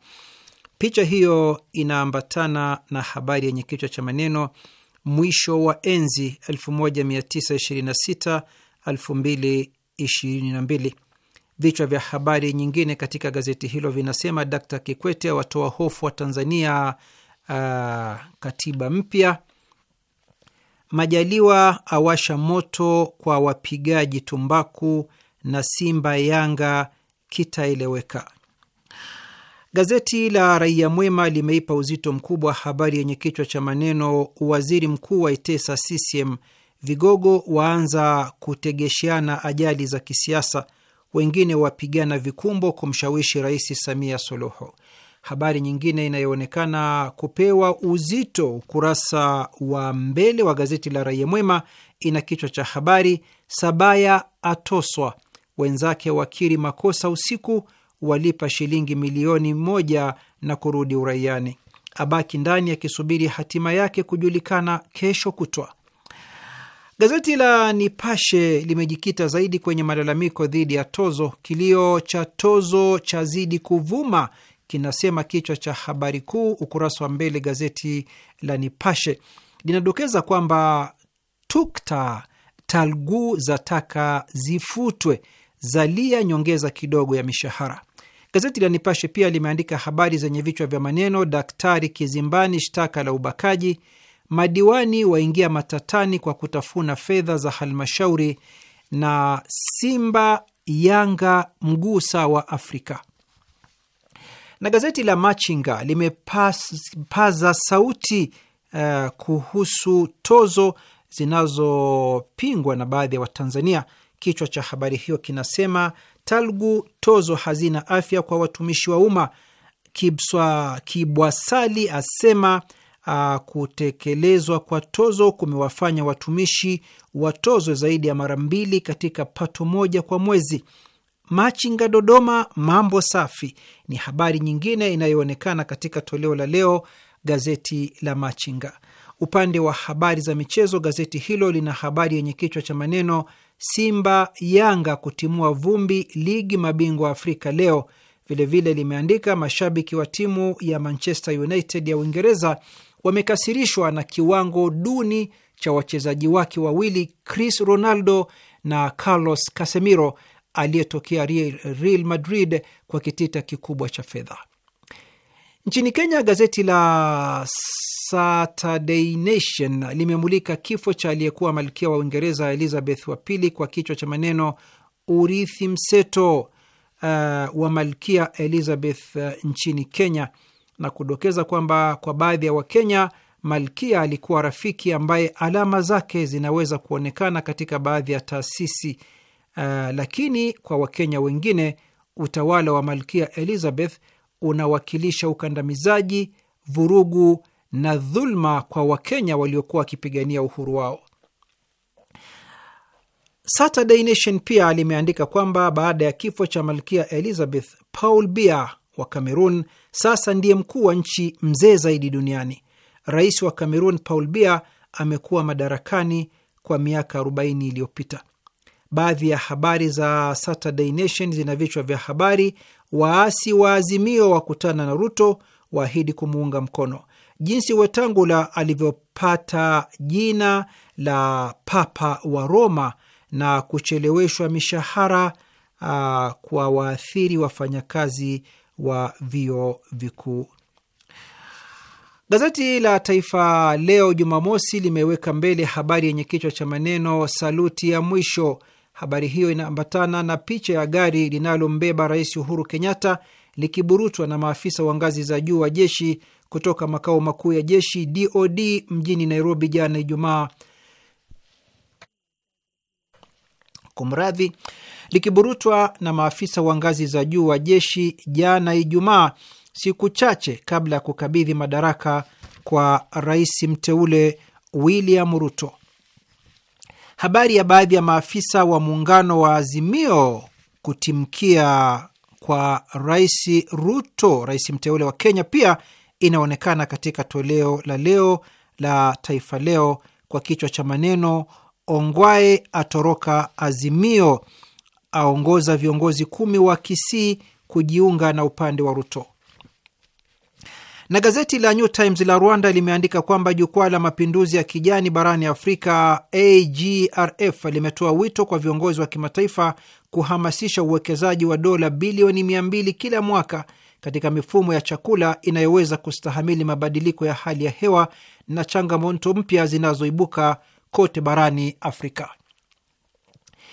Picha hiyo inaambatana na habari yenye kichwa cha maneno mwisho wa enzi 1926 2022. Vichwa vya habari nyingine katika gazeti hilo vinasema: Dkt Kikwete awatoa hofu wa Tanzania, uh, katiba mpya; Majaliwa awasha moto kwa wapigaji tumbaku; na Simba Yanga kitaeleweka. Gazeti la Raia Mwema limeipa uzito mkubwa habari yenye kichwa cha maneno, waziri mkuu itesa CCM, vigogo waanza kutegesheana ajali za kisiasa, wengine wapigana vikumbo kumshawishi Rais Samia Suluhu. Habari nyingine inayoonekana kupewa uzito ukurasa wa mbele wa gazeti la Raia Mwema ina kichwa cha habari, Sabaya atoswa, wenzake wakiri makosa usiku walipa shilingi milioni moja na kurudi uraiani. Abaki ndani akisubiri hatima yake kujulikana kesho kutwa. Gazeti la Nipashe limejikita zaidi kwenye malalamiko dhidi ya tozo. Kilio cha tozo cha zidi kuvuma, kinasema kichwa cha habari kuu ukurasa wa mbele. Gazeti la Nipashe linadokeza kwamba tukta talguu za taka zifutwe, zalia nyongeza kidogo ya mishahara. Gazeti la Nipashe pia limeandika habari zenye vichwa vya maneno: daktari kizimbani shtaka la ubakaji, madiwani waingia matatani kwa kutafuna fedha za halmashauri, na Simba Yanga mguu sawa Afrika. Na gazeti la Machinga limepaza sauti uh, kuhusu tozo zinazopingwa na baadhi ya Watanzania. Kichwa cha habari hiyo kinasema Talgu tozo hazina afya kwa watumishi wa umma. Kibwasali asema uh, kutekelezwa kwa tozo kumewafanya watumishi wa tozo zaidi ya mara mbili katika pato moja kwa mwezi. Machinga Dodoma, mambo safi ni habari nyingine inayoonekana katika toleo la leo gazeti la Machinga. Upande wa habari za michezo, gazeti hilo lina habari yenye kichwa cha maneno Simba Yanga kutimua vumbi ligi mabingwa Afrika leo. Vilevile vile limeandika mashabiki wa timu ya Manchester United ya Uingereza wamekasirishwa na kiwango duni cha wachezaji wake wawili Chris Ronaldo na Carlos Casemiro aliyetokea Real Madrid kwa kitita kikubwa cha fedha. Nchini Kenya, gazeti la Saturday Nation limemulika kifo cha aliyekuwa malkia wa Uingereza Elizabeth wa pili kwa kichwa cha maneno urithi mseto uh, wa malkia Elizabeth uh, nchini Kenya, na kudokeza kwamba kwa baadhi ya Wakenya malkia alikuwa rafiki ambaye alama zake zinaweza kuonekana katika baadhi ya taasisi uh, lakini kwa Wakenya wengine utawala wa malkia Elizabeth unawakilisha ukandamizaji, vurugu na dhulma kwa Wakenya waliokuwa wakipigania uhuru wao. Saturday Nation pia limeandika kwamba baada ya kifo cha malkia Elizabeth, Paul Bia wa cameron sasa ndiye mkuu wa nchi mzee zaidi duniani. Rais wa cameron Paul Bia amekuwa madarakani kwa miaka 40 iliyopita. Baadhi ya habari za Saturday Nation zina vichwa vya habari: waasi wa Azimio wakutana na Ruto, waahidi kumuunga mkono. Jinsi Wetangula alivyopata jina la Papa wa Roma na kucheleweshwa mishahara uh, kwa waathiri wafanyakazi wa vio vikuu. Gazeti la Taifa Leo Jumamosi limeweka mbele habari yenye kichwa cha maneno saluti ya mwisho Habari hiyo inaambatana na picha ya gari linalombeba Rais Uhuru Kenyatta likiburutwa na maafisa wa ngazi za juu wa jeshi kutoka makao makuu ya jeshi DOD mjini Nairobi jana Ijumaa. Kumradhi, likiburutwa na maafisa wa ngazi za juu wa jeshi jana Ijumaa, siku chache kabla ya kukabidhi madaraka kwa rais mteule William Ruto habari ya baadhi ya maafisa wa muungano wa Azimio kutimkia kwa Rais Ruto, rais mteule wa Kenya, pia inaonekana katika toleo la leo la Taifa Leo kwa kichwa cha maneno Ongwae atoroka Azimio, aongoza viongozi kumi wa Kisii kujiunga na upande wa Ruto. Na gazeti la New Times la Rwanda limeandika kwamba jukwaa la mapinduzi ya kijani barani Afrika AGRF limetoa wito kwa viongozi wa kimataifa kuhamasisha uwekezaji wa dola bilioni 200 kila mwaka katika mifumo ya chakula inayoweza kustahamili mabadiliko ya hali ya hewa na changamoto mpya zinazoibuka kote barani Afrika.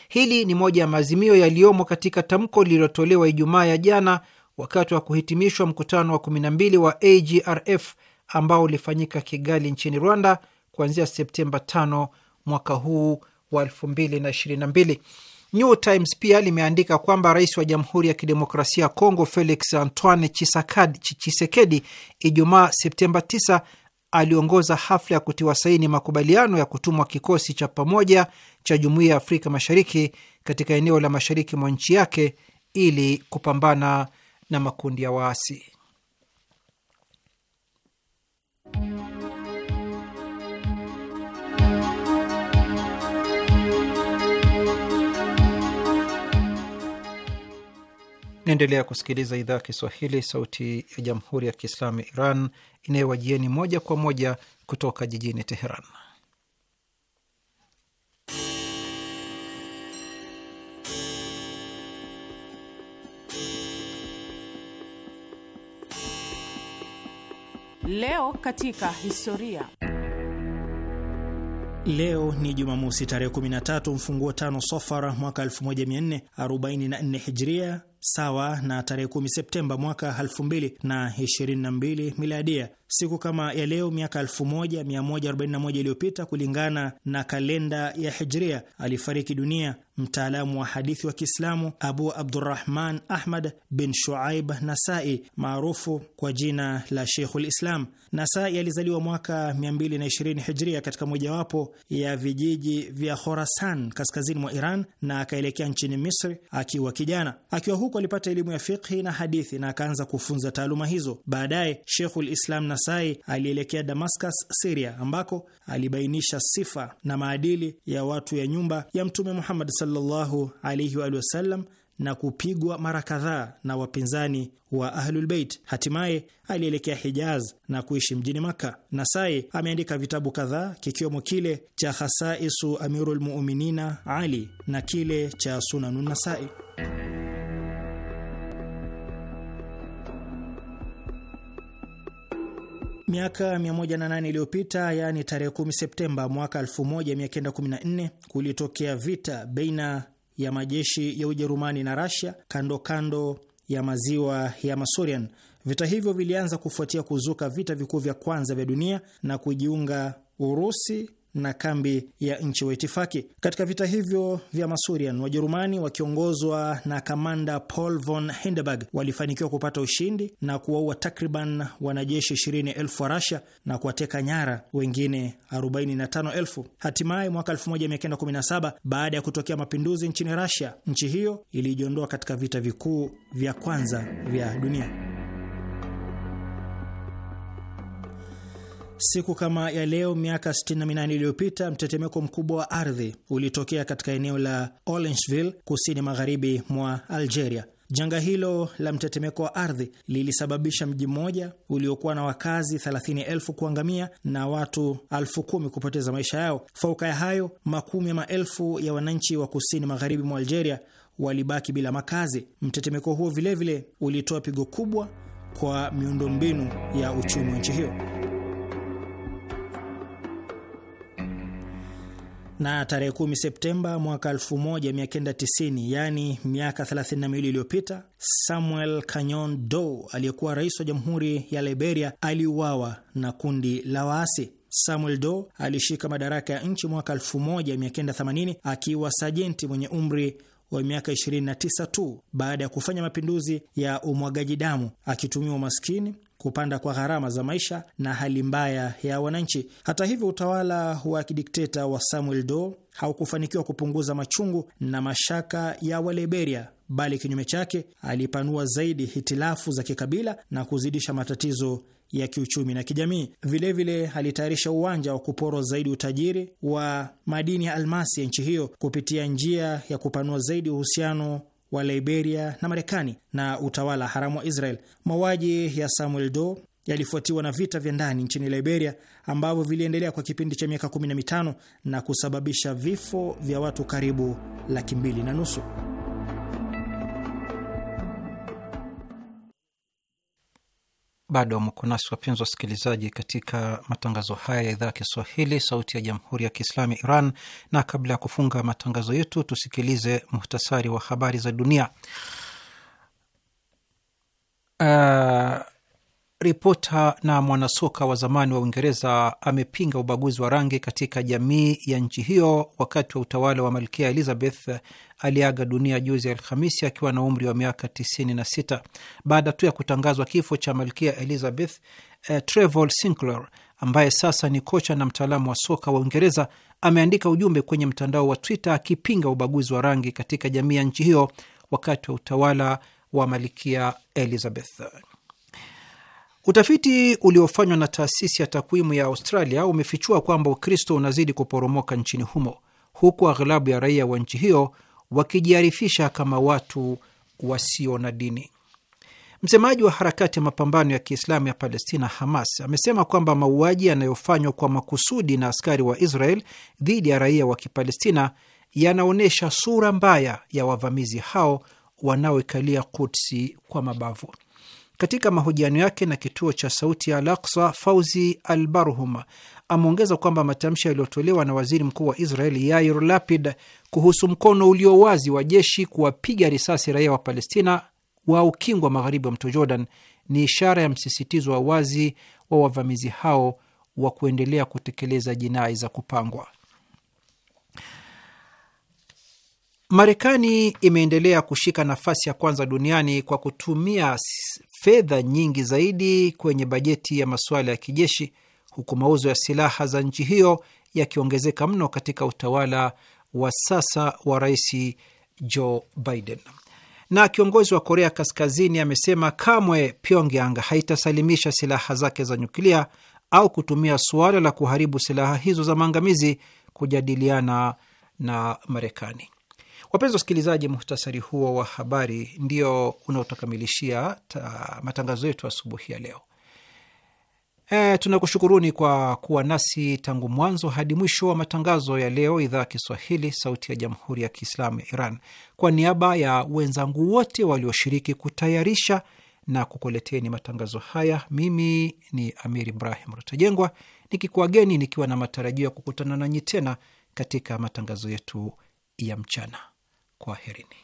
Hili ni moja ya maazimio yaliyomo katika tamko lililotolewa Ijumaa ya jana wakati wa kuhitimishwa mkutano wa 12 wa AGRF ambao ulifanyika Kigali nchini Rwanda kuanzia Septemba 5 mwaka huu wa 2022. New Times pia limeandika kwamba rais wa Jamhuri ya Kidemokrasia ya Kongo Felix Antoine Chisekedi Ijumaa Septemba 9 aliongoza hafla ya kutiwa saini makubaliano ya kutumwa kikosi cha pamoja cha Jumuiya ya Afrika Mashariki katika eneo la mashariki mwa nchi yake ili kupambana na makundi ya waasi. Naendelea kusikiliza idhaa ya Kiswahili, sauti ya jamhuri ya kiislamu ya Iran inayowajieni moja kwa moja kutoka jijini Teheran. Leo katika historia. Leo ni Jumamosi tarehe 13 mfunguo tano Sofara mwaka 1444 Hijria, sawa na tarehe 10 Septemba mwaka 2022 Miladia siku kama ya leo miaka 1141 iliyopita kulingana na kalenda ya Hijria alifariki dunia mtaalamu wa hadithi wa Kiislamu Abu Abdurrahman Ahmad bin Shuaib Nasai maarufu kwa jina la Sheikhul Islam. Nasai alizaliwa mwaka 220 Hijria katika mojawapo ya vijiji vya Khorasan kaskazini mwa Iran na akaelekea nchini Misri akiwa kijana. Akiwa huko alipata elimu ya fiqhi na hadithi na akaanza kufunza taaluma hizo. Baadaye Sheikhul Islam Kimasai alielekea Damascus, Siria, ambako alibainisha sifa na maadili ya watu ya nyumba ya Mtume Muhammad sallallahu alaihi wa sallam na kupigwa mara kadhaa na wapinzani wa Ahlulbeit. Hatimaye alielekea Hijaz na kuishi mjini Makka. Nasai ameandika vitabu kadhaa kikiwemo kile cha Khasaisu Amirulmuminina Ali na kile cha Sunanun Nasai. Miaka 108 iliyopita, yaani tarehe 10 Septemba mwaka 1914, kulitokea vita baina ya majeshi ya Ujerumani na russia kando kando ya maziwa ya Masurian. Vita hivyo vilianza kufuatia kuzuka vita vikuu vya kwanza vya dunia na kujiunga Urusi na kambi ya nchi waitifaki. Katika vita hivyo vya Masurian, Wajerumani wakiongozwa na kamanda Paul von Hindenburg walifanikiwa kupata ushindi na kuwaua takriban wanajeshi 20,000 wa Russia na kuwateka nyara wengine 45,000. Hatimaye mwaka 1917 baada ya kutokea mapinduzi nchini rusia nchi hiyo ilijiondoa katika vita vikuu vya kwanza vya dunia. Siku kama ya leo miaka 68 iliyopita mtetemeko mkubwa wa ardhi ulitokea katika eneo la Orangeville, kusini magharibi mwa Algeria. Janga hilo la mtetemeko wa ardhi lilisababisha mji mmoja uliokuwa na wakazi thelathini kuangamia na watu elfu kupoteza maisha yao. Fauka ya hayo, makumi ya maelfu ya wananchi wa kusini magharibi mwa Algeria walibaki bila makazi. Mtetemeko huo vilevile ulitoa pigo kubwa kwa miundombinu ya uchumi wa nchi hiyo. na tarehe 10 Septemba mwaka 1990, yaani miaka 32 iliyopita, Samuel Canyon Doe aliyekuwa rais wa jamhuri ya Liberia aliuawa na kundi la waasi. Samuel Doe alishika madaraka ya nchi mwaka 1980 akiwa sajenti mwenye umri wa miaka 29 tu baada ya kufanya mapinduzi ya umwagaji damu akitumia umaskini kupanda kwa gharama za maisha na hali mbaya ya wananchi. Hata hivyo, utawala wa kidikteta wa Samuel Doe haukufanikiwa kupunguza machungu na mashaka ya Waliberia, bali kinyume chake alipanua zaidi hitilafu za kikabila na kuzidisha matatizo ya kiuchumi na kijamii. Vilevile alitayarisha uwanja wa kuporwa zaidi utajiri wa madini ya almasi ya nchi hiyo kupitia njia ya kupanua zaidi uhusiano wa Liberia na Marekani na utawala haramu wa Israel. Mauaji ya Samuel Doe yalifuatiwa na vita vya ndani nchini Liberia ambavyo viliendelea kwa kipindi cha miaka 15 na kusababisha vifo vya watu karibu laki mbili na nusu. Bado mko nasi wapenzi wasikilizaji, katika matangazo haya ya idhaa ya Kiswahili, sauti ya jamhuri ya kiislamu ya Iran. Na kabla ya kufunga matangazo yetu, tusikilize muhtasari wa habari za dunia. Uh, ripota na mwanasoka wa zamani wa Uingereza amepinga ubaguzi wa rangi katika jamii ya nchi hiyo wakati wa utawala wa Malkia Elizabeth. Aliaga dunia juzi Alhamisi akiwa na umri wa miaka 96 baada tu ya kutangazwa kifo cha Malkia Elizabeth. Eh, Trevor Sinclair ambaye sasa ni kocha na mtaalamu wa soka wa Uingereza ameandika ujumbe kwenye mtandao wa Twitter akipinga ubaguzi wa rangi katika jamii ya nchi hiyo wakati wa utawala wa Malkia Elizabeth. Utafiti uliofanywa na taasisi ya takwimu ya Australia umefichua kwamba Ukristo unazidi kuporomoka nchini humo huku aghlabu ya raia wa nchi hiyo wakijiarifisha kama watu wasio na dini. Msemaji wa harakati ya mapambano ya Kiislamu ya Palestina, Hamas, amesema kwamba mauaji yanayofanywa kwa makusudi na askari wa Israel dhidi ya raia wa Kipalestina yanaonyesha sura mbaya ya wavamizi hao wanaoikalia Kutsi kwa mabavu. Katika mahojiano yake na kituo cha sauti ya Al-Aqsa, Fauzi Albarhum ameongeza kwamba matamshi yaliyotolewa na waziri mkuu wa israel Yair Lapid kuhusu mkono ulio wazi wa jeshi kuwapiga risasi raia wa Palestina wa ukingo wa magharibi wa mto Jordan ni ishara ya msisitizo wa wazi wa wavamizi hao wa kuendelea kutekeleza jinai za kupangwa. Marekani imeendelea kushika nafasi ya kwanza duniani kwa kutumia fedha nyingi zaidi kwenye bajeti ya masuala ya kijeshi, huku mauzo ya silaha za nchi hiyo yakiongezeka mno katika utawala wa sasa wa Rais Joe Biden. Na kiongozi wa Korea Kaskazini amesema kamwe Pyongyang haitasalimisha silaha zake za nyuklia au kutumia suala la kuharibu silaha hizo za maangamizi kujadiliana na Marekani. Wapenzi wasikilizaji, muhtasari huo wa habari ndio unaotakamilishia matangazo yetu asubuhi ya leo. E, tunakushukuruni kwa kuwa nasi tangu mwanzo hadi mwisho wa matangazo ya leo, idhaa ya Kiswahili, sauti ya jamhuri ya kiislamu ya Iran. Kwa niaba ya wenzangu wote walioshiriki kutayarisha na kukuleteni matangazo haya, mimi ni Amir Ibrahim Rutajengwa nikikuwageni nikiwa na matarajio ya kukutana nanyi tena katika matangazo yetu ya mchana. Kwaherini.